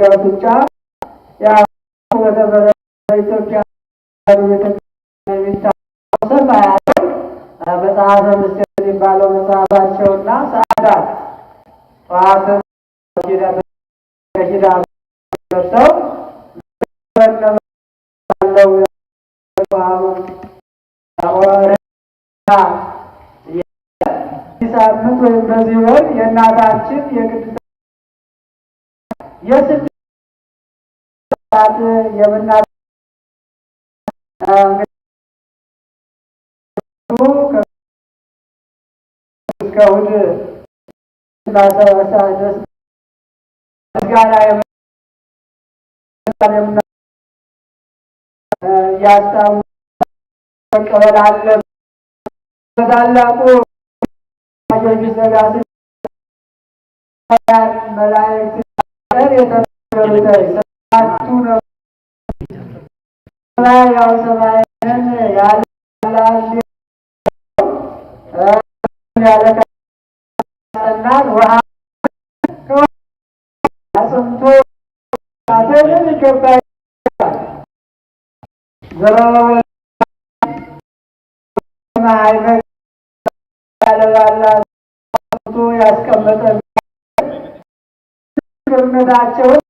ጋብቻ በኢትዮጵያ ሰፋ ያለ መጽሐፈ ምስጢር የሚባለው መጽሐፋቸውና ሰዓታት ጠዋትን ከሽዳ ደርሰው ሳምንት ወይም በዚህ ወር የእናታችን የቅድስት የስድስት የምና እስከ እሑድ ሰዓት ድረስ መላእክት ያስቀመጠ እምነታቸውን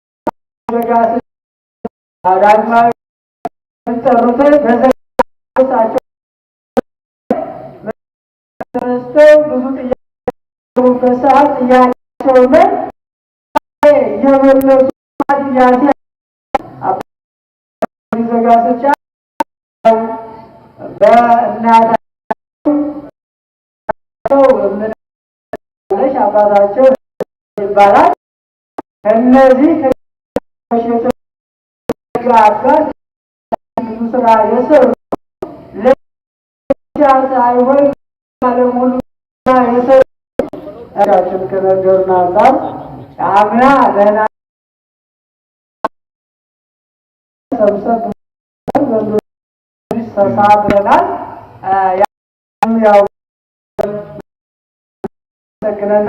ረጋስ አዳግማዊ የሚጠሩትን በዘሳቸው ተነስተው ብዙ ጥያቄበት ሰዓት ጥያቄያቸውን እየመለሱ ጥያቄ በእናታቸው አባታቸው ይባላል እነዚህ አባት ስራ የሰሩ ሳይሆን ባለሙሉ የሰሩ ራችን ከነገሩን አንጻር አምና ደህና ሰብሰብ ተሳብረናል። ያው ሰግነና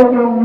ደግሞ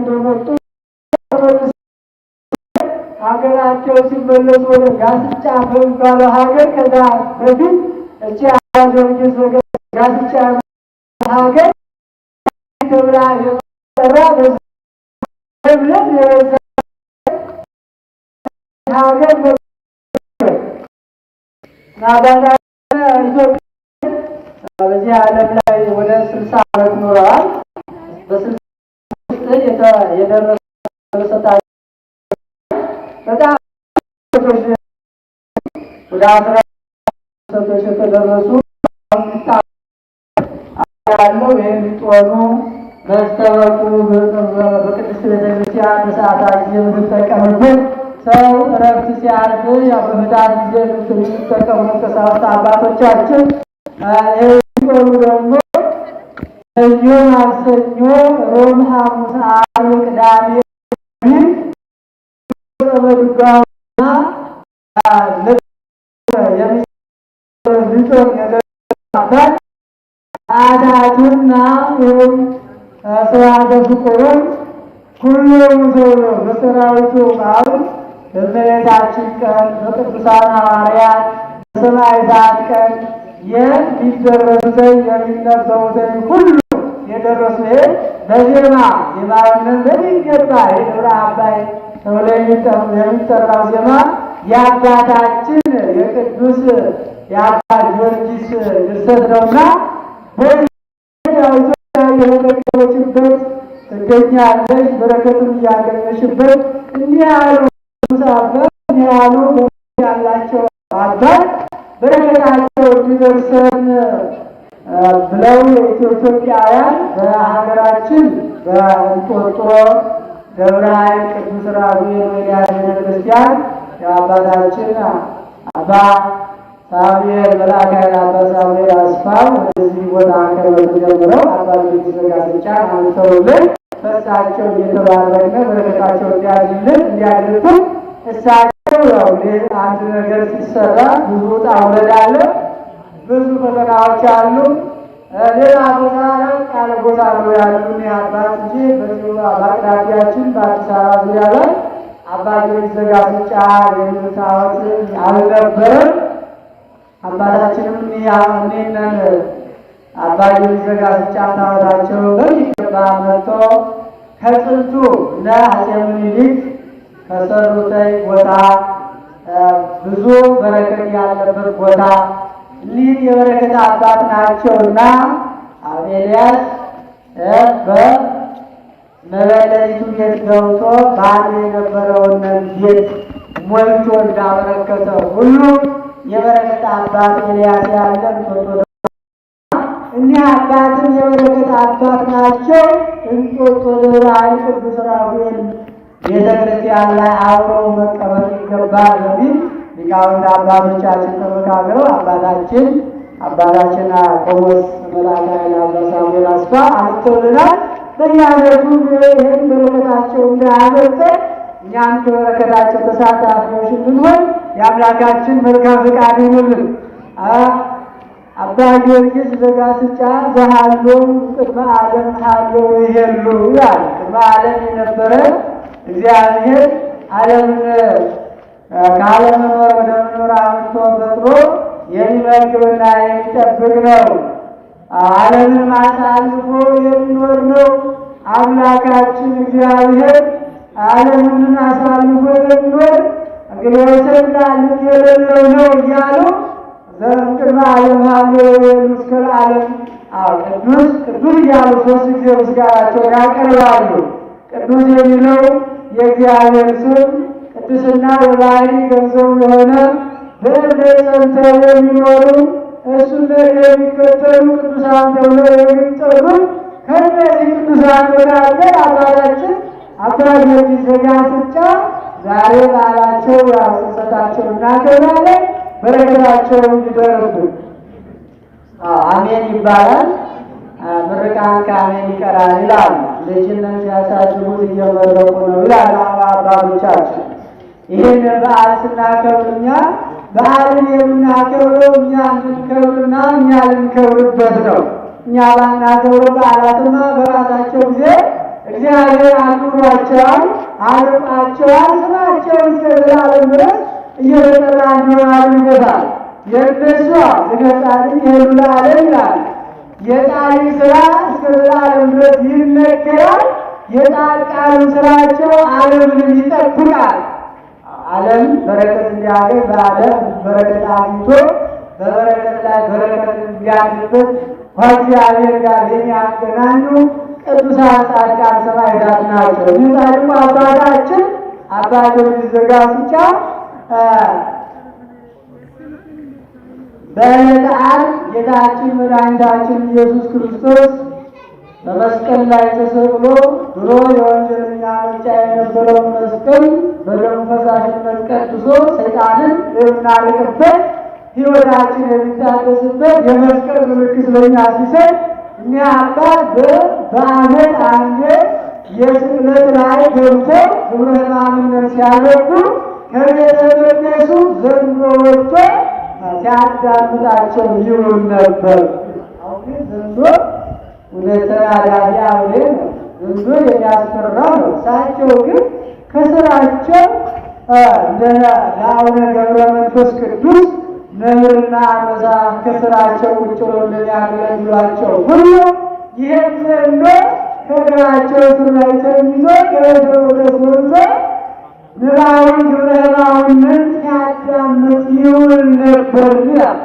እንደመጡ ሀገራቸው ሲመለሱ ወደ ጋስጫ በሚባለው ሀገር ከዛ በፊት እቺ አዋዘርጊስ ጋስጫ ሀገር ተብላ የጠራ ብለት ሀገር ናባዳ ኢትዮጵያ በዚህ ዓለም ላይ ወደ ስልሳ ዓመት ኖረዋል። የደረሰ ታሪክ በጣም ወደ አስራ የተደረሱ ያለው ይህን ጦኑ በቅድስት ቤተክርስቲያን ሰዓታ ጊዜ የምንጠቀምበት ሰው እረፍት ሲያርፍ በምዳር ጊዜ የምንጠቀሙ ቀሳውስት አባቶቻችን ይህ ጦኑ ደግሞ ሰኞ፣ ማክሰኞ፣ ሮብ፣ ሐሙስ፣ ዓርብ፣ ቅዳሜ በዱጋና የሚጾም የገባት አዳቱና ስርዓተ ፍቁሩን ሁሉም ሰው በሰራዊቱ ቃል በመሬታችን ቀን በቅዱሳን ሐዋርያት በሰማዕታት ቀን የሚደረሱትን የሚነበቡትን ሁሉ የደረሰ በዜማ ዜማ እምነት በሚገባ የደብረ አባይ ተብሎ የሚጠራው ዜማ የአባታችን የቅዱስ የአባ ጊዮርጊስ ድርሰት ነውና የተጠቀመችበት ትገኛለች። በረከቱን እያገኘሽበት እንዲህ ያሉ አባት እንዲህ ያሉ ያላቸው አባት በረከታቸው የሚደርሰን ብለው የኢትዮጵያውያን በሀገራችን በእንጦጦ ደብረ ኃይል ቅዱስ ራጉኤል ወይዳ ቤተ ክርስቲያን የአባታችን አባ ሳሙኤል መልአከ አባ ሳሙኤል አስፋው ወደዚህ ቦታ ከመጡ ጀምረው አባ ሚኒስትር ጋስጫን አንተውልን በእሳቸው እየተባረከ በረከታቸው እንዲያድልን እንዲያድርብን እሳቸው ያው አንድ ነገር ሲሰራ ብዙ ውጣ ውረድ አለ፣ ብዙ ፈተናዎች አሉ። ሌላ ቦታ ቃለ ቦታ ነው ያሉን አባት እንጂ በዚሁ በአቅራቢያችን በአዲስ አበባ ዙሪያ ላይ አባ ጊዮርጊስ ዘጋስጫ የሚታወት አልነበረም። አባታችንም እኔነን አባ ጊዮርጊስ ዘጋስጫ ታወታቸው በሚገባ መጥቶ ከጥንቱ እነ አፄ ምኒልክ ከሰሩተይ ቦታ ብዙ በረከት ያለበት ቦታ ሊል የበረከት አባት ናቸውና አሜልያስ በመበለሪቱ ቤት ገብቶ ባል የነበረውን ቤት ሞልቶ እንዳበረከተው ሁሉ የበረከት አባት ኤልያስ ያለ እኒህ አባትም የበረከት አባት ናቸው። እንጦጦ ደብረ ቅዱስ ራጉኤል ቤተክርስቲያን ላይ አብረው መቀበል ይገባል በሚል ሊቃውንት አባቶቻችን ተመካክረው አባታችን አባታችን ቆሞስ መልአከ ኃይል ሳሙኤል አስፋ አልቶልናል። በየዓመቱ ይህን በረከታቸው እንዳያመርጠ እኛም ከበረከታቸው ተሳታፊዎች እንድንሆን የአምላካችን መልካም ፈቃድ ይኑልን። አባ ጊዮርጊስ ዘጋስጫ ዘሃሎ ቅድመ ዓለም ሃሎ ይሄሉ ይላል። ቅድመ ዓለም የነበረ እግዚአብሔር ዓለምን ካለመኖር ወደ መኖር አምጥቶ ፈጥሮ የሚመግብና የሚጠብቅ ነው። ዓለምንም አሳልፎ የሚኖር ነው። አምላካችን እግዚአብሔር ዓለምንም አሳልፎ የሚኖር እንግዲዎችን ላልክ የሌለው ነው እያሉ ዘቅድመ ዓለም ሀለ ምስክር ዓለም ቅዱስ ቅዱስ እያሉ ሶስት ጊዜ ምስጋናቸውን ያቀርባሉ። ቅዱስ የሚለው የእግዚአብሔር ስም ቅድስና በባህሪ ገንዘቡ ለሆነ በእርደ ጸንተው የሚኖሩ እሱን የሚከተሉ ቅዱሳን ተብሎ የሚጠሩ ከእነዚህ ቅዱሳን መካከል አባታችን አባ ጊዮርጊስ ዘጋስጫ ዛሬ በዓላቸው ስንሰታቸው እናከብራለን። በረከታቸው እንዲደርሱ አሜን ይባላል። ምርቃን ከአሜን ይቀራል ይላል። ልጅነት ሲያሳድጉት እየመረቁ ነው ይላል አባቶቻችን። ይህን በዓል ስናከብር እኛ በዓልን የምናከብረው እኛ እንድንከብርና እኛ ልንከብርበት ነው። እኛ ባናከብር በዓላትማ በራሳቸው ጊዜ እግዚአብሔር አክብሯቸዋል፣ አርቋቸዋል። ስማቸው እስከ ድረስ እየተጠራ እንዲሆናሉ ይገባል። የእነሷ ዝገጻል የሉላ ለዓለም ይላል። የጣሪ ስራ እስከ ድረስ ይነገራል። የጻድቃንም ስራቸው ዓለምን ይጠብቃል። ዓለም በረከት እንዲያገኝ በዓለም በረከት አግኝቶ በበረከት ላይ በረከት እንዲያድርበት ከእግዚአብሔር ጋር የሚያገናኙ ቅዱሳን ጻድቃን ሰማዕታት ናቸው። ይህ ጻድቁ አባታችን አባ ጊዮርጊስ ዘጋስጫ በዕለተ ዓርብ ጌታችን መድኃኒታችን ኢየሱስ ክርስቶስ በመስቀል ላይ ተሰቅሎ ድሮ የወንጀለኛ መርጫ የነበረውን መስቀል በደሙ ፈሳሽነት ቀድሶ ሰይጣንን የምናርቅበት ሕይወታችን የሚታደስበት የመስቀል ምልክት ለኛ ሲሰጥ እኛ አባት በአመት አንዴ የስቅለት ላይ ገብተው ግብረ ሕማምነት ሲያደርጉ ከቤተ መቅደሱ ዘንዶ ወጥቶ ሲያዳምጣቸው ይውል ነበር። አሁን ዘንዶ እውነተ አዳሪ አሁንም እንዱ የሚያስፈራ ነው። እሳቸው ግን ከስራቸው ለአቡነ ገብረ መንፈስ ቅዱስ ነብርና አመዛ ከስራቸው ውጭ እንደሚያገለግሏቸው ሁሉ ይህም ዘንዶ ከእግራቸው ስር ላይ ተኝቶ ከቤተ ንባዊ ግብረ ሕማሙንን ሲያዳምጥ ይውል ነበር ይላል።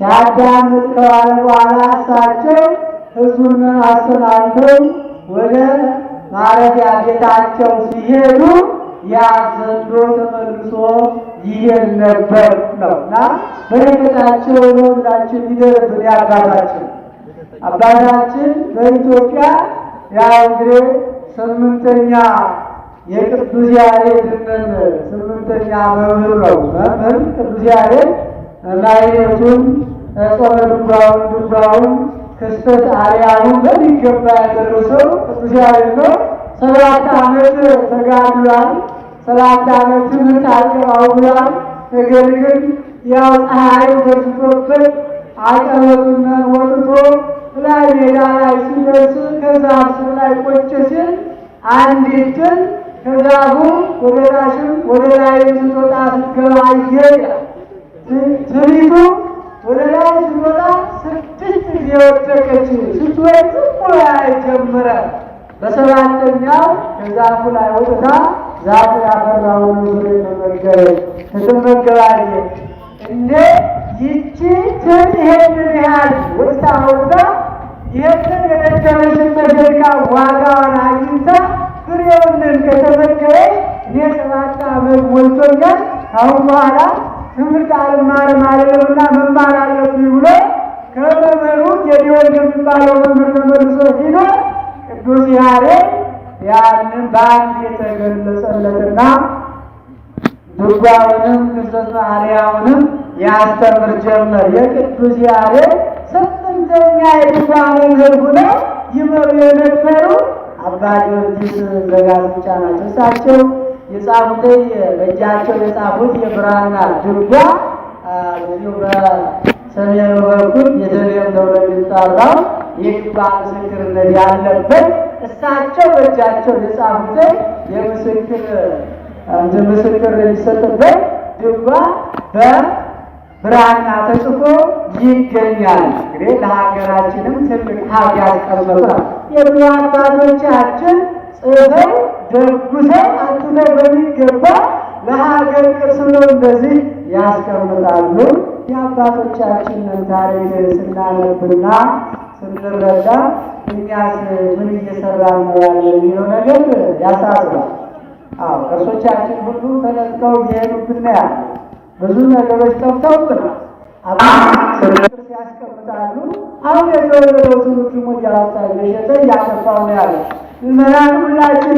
የአዳም ሕግ ከዋለ በኋላ እሳቸው ሕዝቡን አሰናብተው ወደ ማረፊያ ቤታቸው ሲሄዱ ያ ዘንዶ ተመልሶ ይሄድ ነበር ነው እና በረከታቸው ነው ብላችን ይደርብን። አባታችን አባታችን በኢትዮጵያ ያው እንግዲህ ስምንተኛ የቅዱስ ያሬድን ስምንተኛ መምህር ነው መምህር ቅዱስ ያሬድ ማይነቱን ጾረ ድጓውን ድጓውን ክስተት አርያሙ በሚገባ ያደረሰው ቅዱስ ያሬድ ነው። ሰባት ዓመት ተጋድሏል። ሰባት ዓመት ትምህርት አቀባውሏል። ነገር ግን ያው ፀሐይ ደርሶበት አቀበቱን ወጥቶ ላይ ሜዳ ላይ ሲደርስ ከዛፍ ስር ላይ ቆጭ ሲል አንዲትን ከዛፉ ወደ ታችም ወደ ላይ ስትወጣ ስትገባ አየ ትሪቱ ወደ ላይ ስትወጣ ስድስት ጊዜ ወደቀች። ስትወጥ ሙላ ጀመረ። በሰባተኛው ከዛፉ ላይ ወጥታ ዛፉ ያፈራውን ፍሬ ተመገበች። ስትመገባለች እንደ ይቺ ትን ይሄንን ያህል ወጥታ ወጥታ ይህንን የደከመችበት ደቂቃ ዋጋዋን አግኝታ ፍሬውን ከተመገበች እኔ ሰባት ዓመት ሞልቶኛል አሁን በኋላ ትምህርት አልማርም አለለውና መማር አለብኝ ብሎ ከመምህሩ ጌዲዮን ከሚባለው መምህር ተመልሶ ሂዶ ቅዱስ ያሬድ ያንን በአንድ የተገለጸለትና ድጓውንም ክስተት ማርያውንም ያስተምር ጀመር። የቅዱስ ያሬድ ስምንተኛ የድጓ መምህር ሁነው ይመሩ የነበሩ አባ ጊዮርጊስ ዘጋስጫ ናቸው። እሳቸው የጻፉትን በእጃቸው የጻፉት የብራና ድርጓ እዚሁ በሰሜኑ በኩል ቤተልሔም ተብሎ የሚጠራው የድጓ ምስክርነት ያለበት እሳቸው በእጃቸው የጻፉትን የምስክር ምስክር የሚሰጥበት ድጓ በብራና ተጽፎ ይገኛል። እንግዲህ ለሀገራችንም ትልቅ ሀብት ያስቀመጡ የድሮ አባቶቻችን ጽፈው ተኩሰው አንስተው በሚገባ ለሀገር ቅርስ ነው እንደዚህ ያስቀምጣሉ። የአባቶቻችንን ታሪክ ስናነብና ስንረዳ እኛስ ምን እየሰራ ነው ያለ የሚለው ነገር ያሳስባል። አዎ ቅርሶቻችን ሁሉ ተነጥቀው እየሄዱብን ነው ያለ ብዙ ነገሮች ጠፍተውብናል። አባ ያስቀምጣሉ። አሁን የተወለደው ትውልድ ደግሞ እያወጣ እየሸጠ እያጠፋው ነው ያለ ምዕመናን ሁላችን